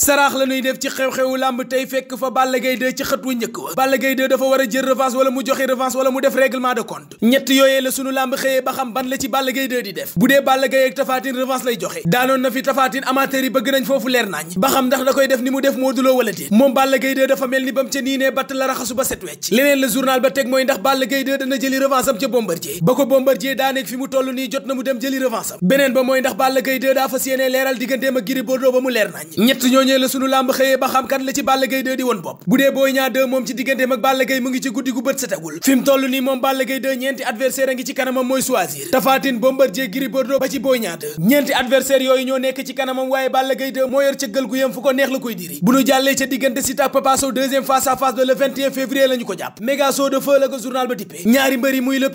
saraax la ñuy def ci xew-xewu làmb tey fekk fa Balla Gaye 2 ci xët wu njëkk wa Balla Gaye 2 dafa war a jël revanche wala mu joxe revanche wala mu def règlement de compte ñett yooyee la sunu làmb xëyee ba xam ban la ci Balla Gaye 2 di def bu dee Balla Gaye ak tafaatin revanche lay joxe daanoon na fi tafaatin amateur yi bëgg nañ foofu leer nañ ba xam ndax da koy def ni mu def moo Lo wala déet moom Balla Gaye dafa mel ni bam ca niinee batt la raxasu ba set wecc leneen la ba teg mooy ndax Balla Gaye 2 dana jëli revanche am ca Bombardier ba ko Bombardier daaneeg nii jot na mu dem jëli revanche am beneen ba ndax Balla Gaye 2 daa fas yéene leeral digganteem ak Gris Bordeaux ba mu leer nañ ñooñee la sunu làmb xëyee ba xam la ci Balla Gaye di woon bopp bu dee Boy Niang moom ci digganteem ak Balla Gaye ñeenti adversaire a ci kanamam mooy choisir Tapha Tine Bombardier Bordeaux ba ci Boy Niang ñeenti adversaire yooyu ñoo nekk ci kanamam waaye Balla Gaye 2 moo yor cëggal gu fu ko neex la koy diri bu nu jàllee ca diggante Siteu ak Papa Sow deuxième face février la ko jàpp méga saut de feu ko journal ba tippee ñaari mbëri muy le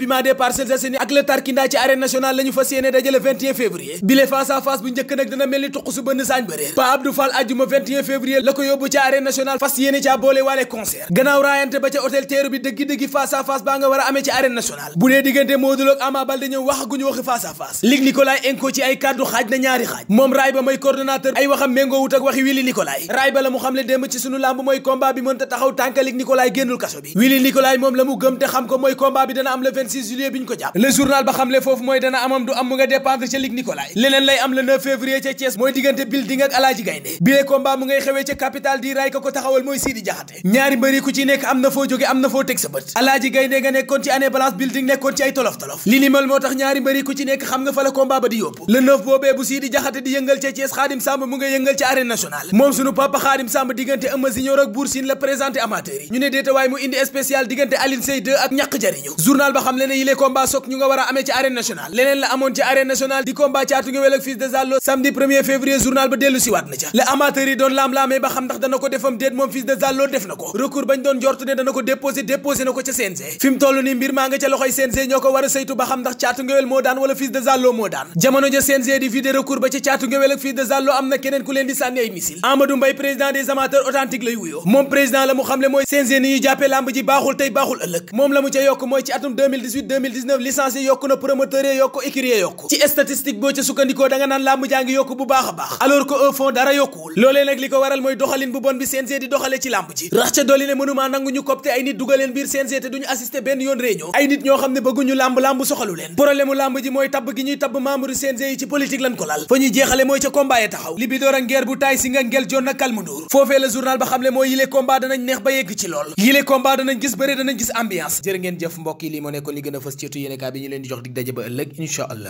àjjuma février la ko yóbbu ca arène nationale fas yéene caa boole waale concert gannaaw raayante ba ca hôtel teeru bi dëggi-dëggi face à baa nga war a amee ci arène bu dee diggante Modou Lo ak Ama wax guñu waxi face à face Luc Nicolaï ci ay kàddu xaaj na ñaari xaaj moom raay ba may coordonnateur ay waxam méngoo wut ak waxi Willy Nicolaï raay ba la mu xam le démb ci sunu làmb mooy combat bi mënta taxaw tànk Luc génnul kaso bi Willy bile mu ngay xewee ca capital di raay ko taxawal mooy Sidi Jaxate ñaari mbëri ci nekk am na foo jóge am na foo teg sa bët alaaji gaynde nga nekkoon ci année balance building nekkoon ci ay tolof-tolof li ni moo tax ñaari mbëri ci nekk xam nga fa la combat ba di yóbbu le neuf boobee bu Sidi Jaxate di yëngal ca Thiès Xaadim Samb mu ngay yëngal ci arène moom sunu papa Xaadim Samb diggante Eumeu Junior ak Bour la présenté amateur yi ñu ne déeta observateur yi doon laam-laamee ba ko defam déet moom fils de Zallo def na ko recours bañ doon jortu ne dana ko déposé déposé na ko ca CNG fi mu toll nii mbir maa a saytu ba xam ndax caatu ngewel moo daan wala fils de Zallo ba ca caatu ngewel ak ku yokk bu baax baax alors que au fond dara yokkuwul loolee nag li ko waral mooy doxalin bu bon bi CNG di doxalee ci làmb ji rax ca dolli ne mënumaa nangu ñu copte ay nit dugaleen biir CNG te duñu assisté benn yoon réunion ay nit ñoo xam ne bëgguñu làmb làmb soxalu leen problème u làmb ji mooy tabb gi ñuy tabb membre CNG yi ci politique lan ko lal fa ñuy jeexale mooy ca combat ya taxaw li bi a ngeer bu taay si nga ngel joon na kalmunduur foofee la journal ba xam ne mooy yile combat danañ neex ba lool yile a fës ci yéenekaay bi ñu leen di jox dig daje